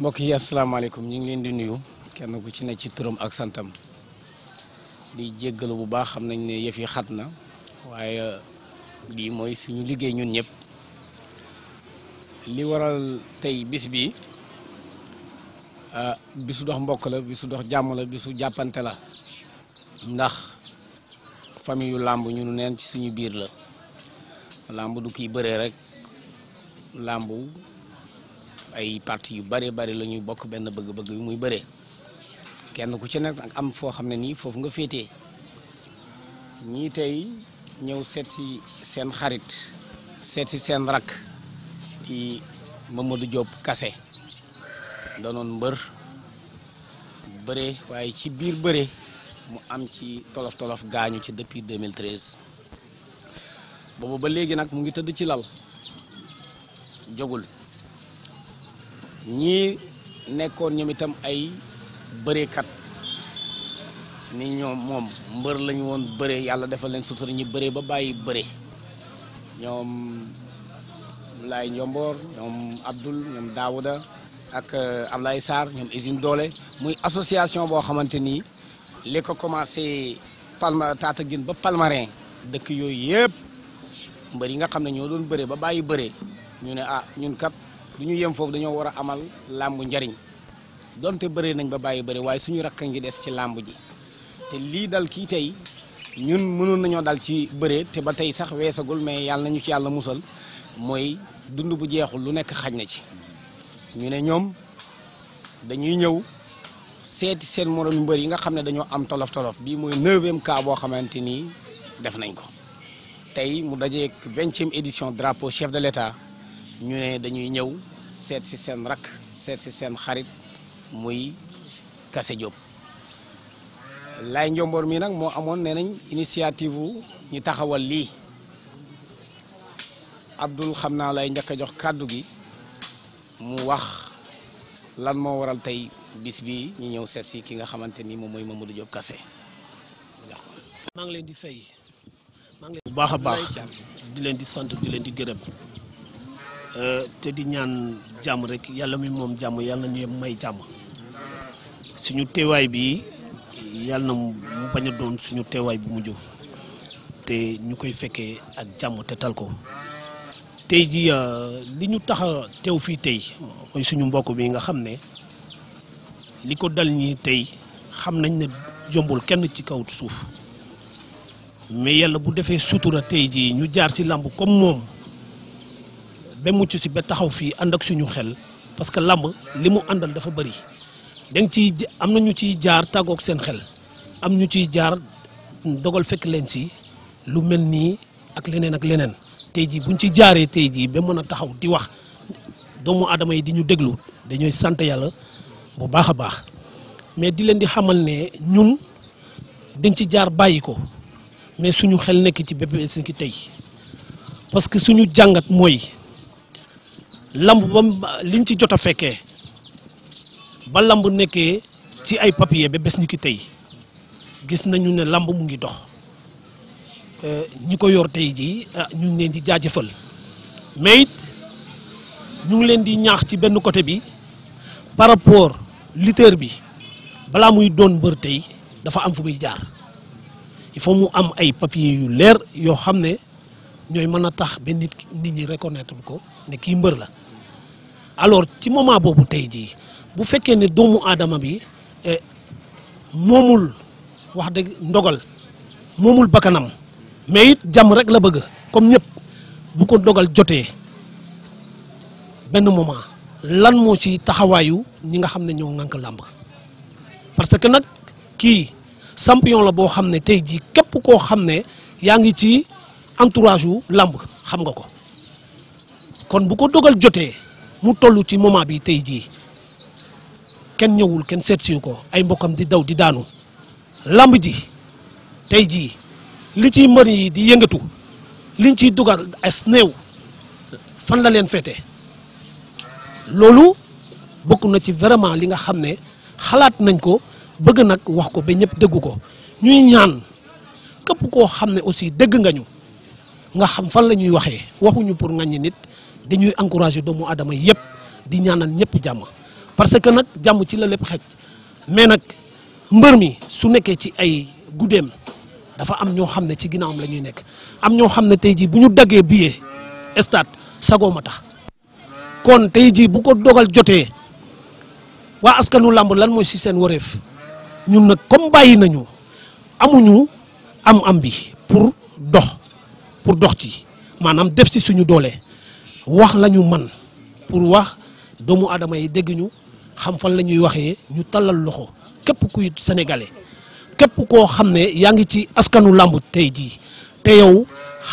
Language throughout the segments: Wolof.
mbokk yi asalaamaaleykum ñu ngi leen di nuyu kenn ku ci ne ci turam ak santam di jéggalu bu baax xam nañ ne yëf yi xat na waaye lii mooy suñu liggéey ñun ñëpp li waral tey bis bi ah, bisu dox mbokk la bisu dox jàmm la bisu jàppante la ndax famille yu làmb ñu neen ci suñu biir la làmb du kiy bëree rek làmb ay parti yu bare bari lañuy bokk benn bëgg-bëgg yu muy bëree kenn ku ci nekk nag am foo xam ne nii foofu nga féetee ñii tey ñëw seet si seen xarit seet si seen rakk ci Mamadou Diop Kassé danoon mbër bëre waaye ci biir bëre mu am ci tolof tolof gaañu ci depuis 2013 boobu ba léegi nag mu ngi tëdd ci lal jógul ñii nekkoon ñoom itam ay bëreekat ni ñoom moom mbër lañu woon bëre yàlla defal leen sutura ñi bëre ba bàyyi bëre ñoom Laay Njomboor ñoom Abdul ñoom Daawuda ak euh, Ablaye Sarr ñoom usine doole muy association boo xamante ni li ko commencé palma Tataguine ba Palmarin dëkk yooyu yëpp mbër yi nga xam ne ñoo doon bëre ba bàyyi bëre ñu ne ah ñun kat du ñu yem foofu dañoo war a amal làmb njariñ donte bëri nañ ba bàyyi bëri waaye suñu rakk ngi des ci làmb ji te lii dal kii tey ñun mënoon nañoo dal ci bëree te ba tey sax weesagul mais yàlla nañu ci yàlla musal mooy dund bu jeexul lu nekk xaj na ci ñu ne ñoom dañuy ñëw seeti seen moroom mbër yi nga xam ne dañoo am tolof tolof bii mooy neuvième cas boo xamante ni def nañ ko tey mu dajeek vingtième édition drapeau chef de l'État ñu ne dañuy ñëw seet si seen rakk seet si seen xarit muy kase Diop lay Ndiomboor mi nag moo amoon nee nañ initiative ñu taxawal lii Abdoul xam naa lay njëkk a jox kàddu gi mu wax lan moo waral tey bis bi ñu ñëw seet si ki nga xamante ni moom mooy Mamadou Diop Kassé kase ngi leen di fay bu baax a baax di leen di sant di leen di gërëm Euh, te di ñaan jàmm rek yàlla mi moom jàmm yàlla na ñu may jàmm suñu teewaay bi yàlla na mu bañ a doon suñu teewaay bu jóo te ñu koy fekkee ak jàmm te tal ko tey jii euh, li ñu tax teew fii tey suñu mbokk bi nga xam ne li ko dal ñi tey xam nañ ne jombul kenn ci kaw suuf mais yàlla bu defee sutura tey jii ñu jaar ci làmb comme moom ba mucc si ba taxaw fii ànd ak suñu xel parce que làmb li mu àndal dafa bëri danga ciy am na ñu ciy jaar tàggoog seen xel am ñu ciy jaar dogal fekk leen si lu mel nii ak leneen ak leneen tey jii buñ ci jaaree tey jii ba mën a taxaw di wax doomu aadama yi di ñu déglu dañooy sant yàlla bu baax a baax mais di leen di xamal ne ñun dañ ci jaar bàyyi ko mais suñu xel nekk ci bépp si ki tey parce que suñu jàngat mooy lamb ba liñ ci jot a fekkee ba lamb nekkee ci ay papier ba bés ñu ki tey gis nañu ne lamb mu ngi dox eh, ñi ko yor tey jii ah, ñu ngi leen di jaajëfal mais ñu ngi leen di ñaax ci benn côté bi par rapport lutteur bi balaa muy doon mbër tey dafa am fu muy jaar il faut mu am ay papier yu leer yoo xam ne ñooy mën a tax ba nit nit ñi reconnaître ko ne kii mbër la alors ci moment boobu tey jii bu fekkee ne doomu aadama bi eh, moomul wax dëgg ndogal moomul bakkanam mais it jàmm rek la bëgg comme ñëpp bu ko dogal jotee benn moment lan moo ci taxawaayu ñi nga xam ne ñoo ŋànk làmb parce que nag kii champion la boo xam ne tey jii képp koo xam ne yaa ngi ci entourage wu làmb xam nga ko kon bu ko dogal jotee mu toll ci moment bi tey jii kenn ñëwul kenn seet ko ay mbokkam di daw di daanu lamb ji tey jii li ciy mbër yi di yëngatu liñ ciy dugal as néew fan la leen fete loolu bokk na ci vraiment li nga xam ne xalaat nañ ko bëgg nag wax ko ba ñëpp dégg ko ñuy ñaan képp koo xam ne aussi dégg nga ñu nga xam fan la ñuy waxee waxuñu pour ngañ nit dañuy encourager doomu aadama yëpp di ñaanal ñëpp jàmm parce que nag jàmm ci la lépp xej mais nag mbër mi su nekkee ci ay guddeem dafa am ñoo xam ne ci ginnaaw la ñuy nekk am ñoo xam ne tey jii bu ñu daggee billet stade sagooma tax kon tey jii bu ko dogal jotee waa askanu làmb lan mooy si seen wareef ñun nag comme bàyyi nañu amuñu am am bi pour dox pour dox ci maanaam def ci suñu doolee wax la man pour wax doomu aadama yi dégg ñu xam fan la ñuy waxee ñu tallal loxo képp kuy sénégalais képp koo xam ne yaa ngi ci askanu làmb tey jii te yow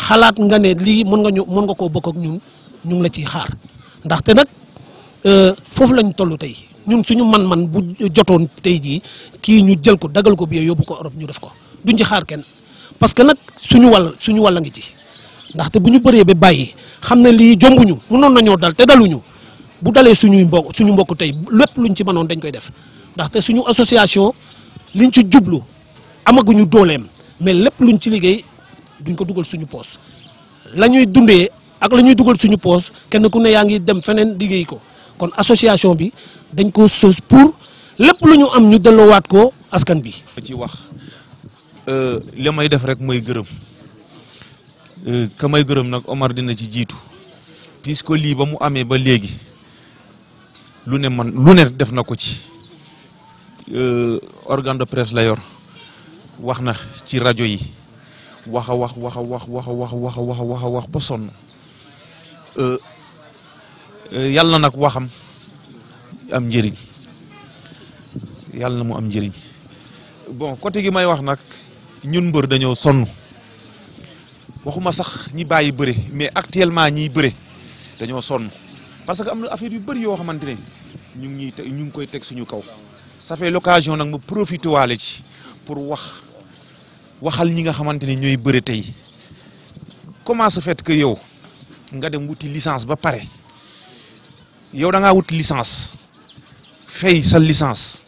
xalaat nga ne lii mën nga mën nga koo bëgg ak ñun ñu ngi la ciy xaar ndaxte nag euh, foofu lañ toll tey ñun suñu man-man bu jotoon tey jii kii ñu jël ko dagal ko bi yóbbu ko Europe ñu def ko duñ ci xaar kenn parce que nag suñu wàll suñu walla ngi ci ndaxte bu ñu bëree ba bàyyi xam ne lii jombuñu mënoon nañoo daal te daluñu bu dalee suñuy mbokk suñu mbokk tey lépp lu luñ ci manoon dañ koy def ndaxte suñu association liñ ci jublu amaguñu dooleem mais lépp luñ ci liggéey duñ ko dugal suñu poos la ñuy dundee ak la ñuy dugal suñu poos kenn ku ne yaa ngi dem feneen liggéey ko kon association bi dañ koo sos pour lépp lu ñu am ñu delloowaat ko askan bi. ci wax euh, li may def rek mooy gërëm. Euh, ka may gërëm nag Omar dina ci jiitu puisque lii ba mu amee ba léegi lu ne man lu ne def na ko ci euh, organe de presse la yor wax na ci rajo yi wax a wax wax a wax wax a wax wax a wax ba sonn euh, yàlla nag waxam am njëriñ yàlla na mu am njëriñ bon côté gi may wax nag ñun mbër dañoo sonn waxuma sax ñi bàyyi bëre mais actuellement ñiy bëre dañoo sonn parce que am na affaire yu bëri yoo xamante ne ñu ngi ñuy ñu ngi koy teg suñu kaw ça fait l'occasion nag profité waale ci pour wax waxal ñi nga xamante ne ñooy bëre tey comment se que yow nga dem wuti licence ba pare yow da ngaa wuti licence fay sa licence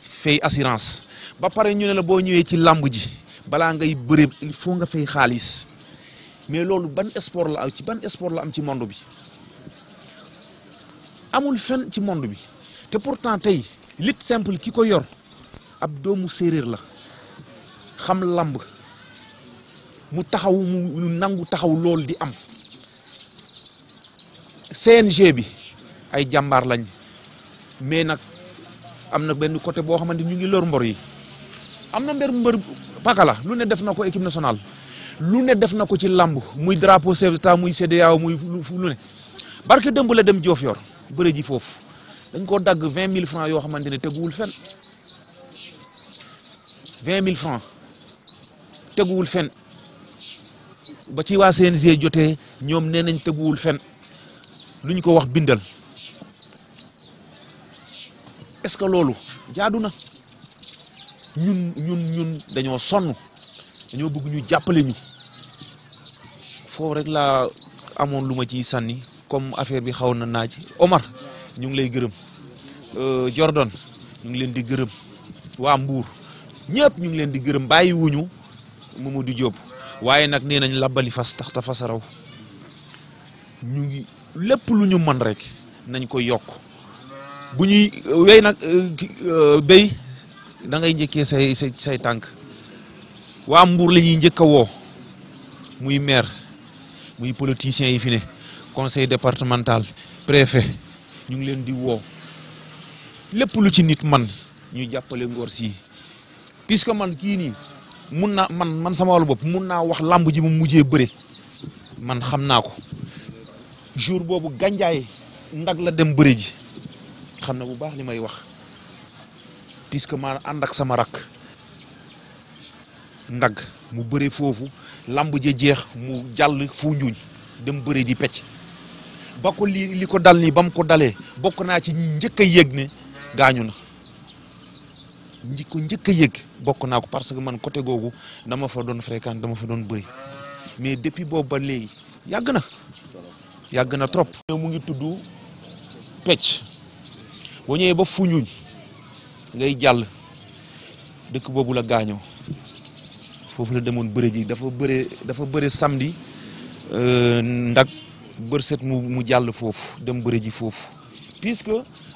fay assurance ba pare ñu ne la boo ñëwee ci làmb ji balaa ngay bëre il faut nga fay xaalis mais loolu ban sport la am ci ban sport la am ci monde bi amul fenn ci monde bi te pourtant tey lit simple ki ko yor ab doomu séeréer la xam lamb mu taxaw mu nangu taxaw loolu di am CNG bi ay jàmbaar lañ mais nag am na benn côté boo xamante ñu ngi lor mbor yi am na mbër mbër pakala lu ne def na ko équipe nationale lu ne def na ko ci làmb muy drapeau chef d'état muy CEDEAO muy lu ne barke dëmb la dem Diofior bëre ji foofu dañ koo dagg vingt mille francs yoo xamante ne teguwul fenn vingt mille francs teguwul fenn ba ci waa CNG jotee ñoom nee nañ teguwul fenn lu ñu ko wax bindal est-ce que loolu jaadu na ñun ñun dañoo sonn dañoo bëgg ñu jàppale ñu foofu rek la amoon lu ma ciy sànni comme affaire bi xaw na naaj Omar ñu ngi lay gërëm euh, Jordan ñu ngi leen di gërëm waa Mbour ñëpp ñu ngi leen di gërëm bàyyi wuñu Mamadou Diop waaye nag ne nañ labali fas tax ta fas raw ñu ngi lépp lu ñu mën rek nañ ko yokk bu ñuy euh, wey nag euh, béy da ngay njëkkee say say tànk waa Mbour la ñuy njëkk a woo muy maire muy politiciens yi fi ne conseil départemental préfet ñu ngi leen di woo lépp lu ci nit man ñu jàppale Ngor si puisque man kii nii mun naa man man sama wàllu bopp mun naa wax làmb ji mu mujjee bëre man xam naa ko jour boobu gànjaay ndag la dem bëre ji xam na bu baax li may wax puisque maa ànd ak sama rakk ndag mu bëre foofu lamb ja jeex mu jàll fu dam dem bëri di pecc ba ko li li ko dal nii ba ko dalee bokk naa ci njëkk a yëg ne gaañu na ñi njëkk a yëg bokk naa ko parce que man côté googu dama fa doon fréquente dama fa doon bëri mais depuis boobu ba léegi yàgg na yàgg na trop. mu ngi tudd pecc boo ñëwee ba Foundiougne ngay jàll dëkk boobu la gaañoo. foofu la demoon bëre ji dafa bëre dafa bëre samedi euh, ndax mu mu jàll foofu dem bëre ji foofu puisque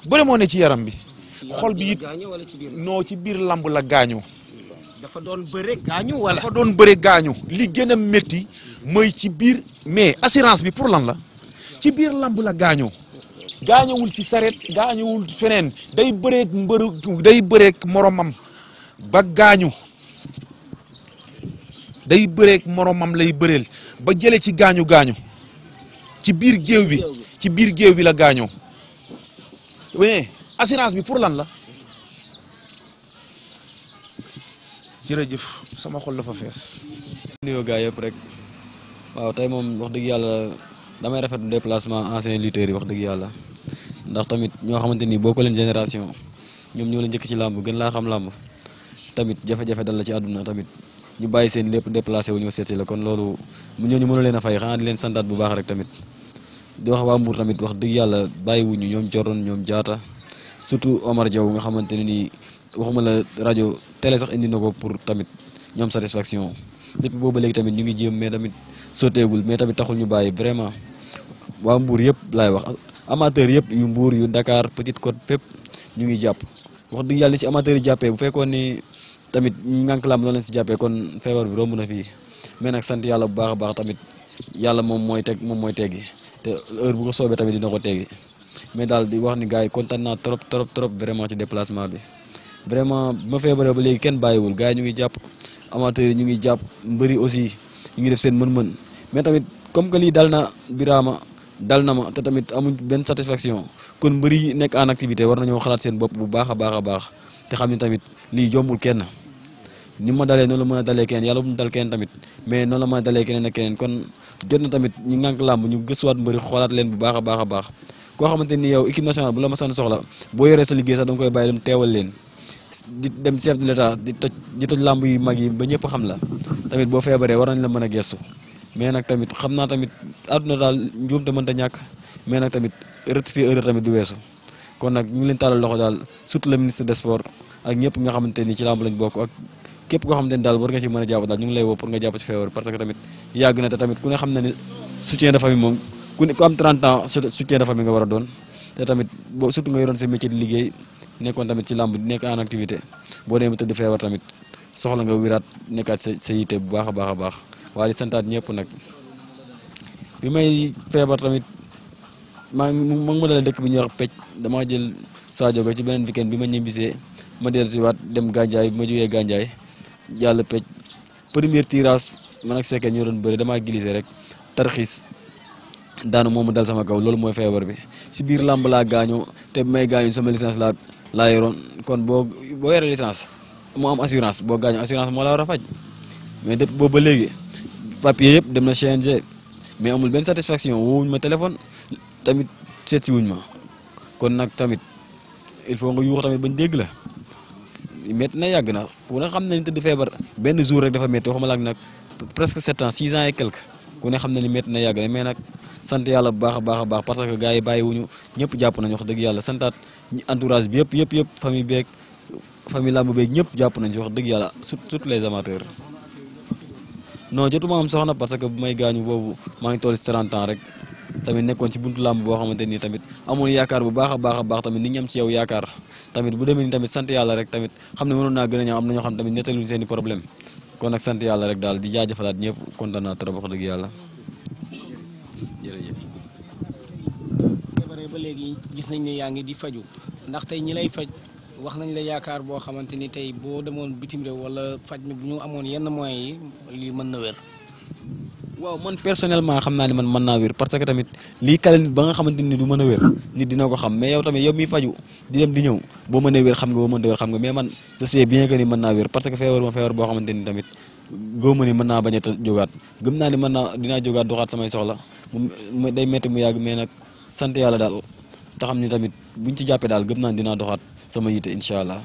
bëre moo ci yaram bi. xol bi it noo ci biir lamb la gaañoo. dafa doon bëre gaañu wala. dafa doon bëre gaañu. li gën a métti mooy ci biir mais assurance bi pour lan la ci biir lamb la gaañoo. gaañawul ci saret gaañawul feneen day bëreek moromam ba gaañu. day bëreek moromam lay bëreel ba jëlee ci gaañu gaañu ci biir géew bi ci biir géew bi la gaaño mais assurance bi pour lan la. jërëjëf sama xol dafa fees. nuyoo gars yëpp rek waaw tey moom wax dëgg yàlla damay rafetlu déplacement anciens lutteurs yi wax dëgg yàlla ndax tamit ñoo xamante ni bokk leen génération ñoom ñoo la njëkk ci làmb gën laa xam làmb tamit jafe-jafe dal la ci àdduna tamit. ñu bàyyi seen lépp déplacé wu ñëw seet si la kon loolu ñooñu mënu a fay xanaa di leen santaat bu baax rek tamit di wax waa Mbour tamit wax dëgg yàlla wuñu ñoom Joron ñoom Jaata surtout Omar Diaw nga xamante ne nii waxuma la rajo télé sax indi na ko pour tamit ñoom satisfaction depuis boobu léegi tamit ñu ngi jéem mais tamit soteegul mais tamit taxul ñu bàyyi vraiment waa Mbour yëpp laay wax amateur yëpp yu Mbour yu Dakar Petite Côte fépp ñu ngi jàpp tamit ñi ngànk làmb noonu leen si jàppee kon feebar bi romb na fii mais nag sant yàlla bu baax a baax tamit yàlla moom mooy teg moom mooy teggi te heure bu ko soobee tamit dina ko teggi mais daal di ni gars yi kontaan naa trop trop trop vraiment ci déplacement bi vraiment ma feebaree ba léegi kenn bàyyiwul gars ñu ngi jàpp amateurs yi ñu ngi jàpp mbëri aussi ñu ngi def seen mën-mën mais tamit comme que lii dal na Birama dal na ma te tamit amuñ benn satisfaction kon mbëri nekk en activité war nañoo xalaat seen bopp bu baax a baax a baax te xam ne tamit lii jombul kenn. ni ma dalee noonu la mën a dalee keneen yàlla bu mu dal keneen tamit mais noonu la mën a dalee keneen ak keneen kon jot na tamit ñu ngànk làmb ñu gëstuwaat mbëri xoolaat leen bu baax baax a baax koo xamante ni yow équipe nationale bu la ma soxla boo yoree sa liggéey sax da nga koy bàyyi dem teewal leen di dem chef de l'état di toj di làmb yu mag yi ba ñëpp xam la tamit boo feebaree war nañ la mën a gestu mais nag tamit xam naa tamit àdduna daal njuumte mënta ñàkk mais nag tamit rectifier erreur tamit du weesu kon nag ñu ngi leen tàllal loxo daal surtout le ministre des sports ak ñëpp nga xamante ni ci làmb lañ bokk ak képp koo xam ne daal war nga ci a jàpp daal ñu ngi nga jàpp ci feebar parce que tamit yàgg na te tamit ku ne xam na ne soutien de famille moom ku ne ku am 30 ans soutien de famille nga war a doon te tamit boo surtout nga yoroon sa métier liggéey nekkoon tamit ci làmb nekk en activité boo demee tëdd feebar tamit soxla nga wiraat nekkaat sa sa yite bu baax a baax a baax waa di santaat ñëpp nag bi may feebar tamit maa ngi ma ngi ma dalee dëkk bi ñuy wax pecc dama jël Sadio ba ci beneen weekend bi ma ñibbisee ma dellusiwaat dem Gandiaye bi ma jógee Gandiaye yàlla pej premier tirage man ak Seke ñoo doon bëri damaa glissé rek tarxiis daanu moomu dal sama kaw loolu mooy feebar bi si biir làmb laa gaañoo te may gaañu sama licence laa la yoroon kon boo boo yore moo am assurance boo gaañoo assurance moo la war a faj mais dëpp boobu ba léegi papier yëpp dem na CNG mais amul benn satisfaction woowuñ ma téléphone tamit seet si wuñ ma kon nag tamit il faut nga yuux tamit bañ dégg métti na yàgg na ku ne xam na ni tëdd feebar benn jour rek dafa métti waxuma la nag presque sept ans six ans et quelque ku ne xam na ni métti na yàgg na mais nag sant yàlla bu baax a baax a baax parce que gars yi bàyyiwuñu ñëpp jàpp nañ wax dëgg yëpp yëpp yëpp famille beeg famille làmb beeg ñëpp jàpp nañ si wax dëgg yàlla surtout les amateurs non jotuma am soxna parce que bu may gaañu boobu maa ngi toll si 30 rek tamit nekkoon ci buntu làmb boo xamante nii tamit amoon yaakaar bu baax a baax a baax tamit nit ñi ci yow yaakaar tamit bu demee nii tamit sant yàlla rek tamit xam ne mënoon naa gën a ñaaw am na ñoo xam tamit nettaluñ problème kon nag sant yàlla rek daal di jaajëfalaat ñëpp kontaan naa trop wax dëgg yàlla ba léegi gis nañ ne yaa ngi di faju ndax tey ñi lay faj wax nañ la yaakaar boo xamante ni tey boo demoon bitim réew walla faj mi bu ñu amoon yenn mooy yi lii mën na wér waaw man personnellement xam naa ne man man naa wér parce que tamit lii kale nit ba nga xamante ni du mën a wér nit dina ko xam mais yow tamit yow miy faju di dem di ñëw boo mënee wér xam nga boo mënta wér xam man je sais bien que ni mën naa wér parce que feebar ma feebar boo xamante ni tamit naa bañ a jógaat gëm naa ni mën naa dinaa jógaat doxaat samay soxla mu day metti mu yàgg mais nag sant yàlla daal te xam ni tamit buñ ci jàppee daal gëm naa ni dinaa doxaat sama yite incha allah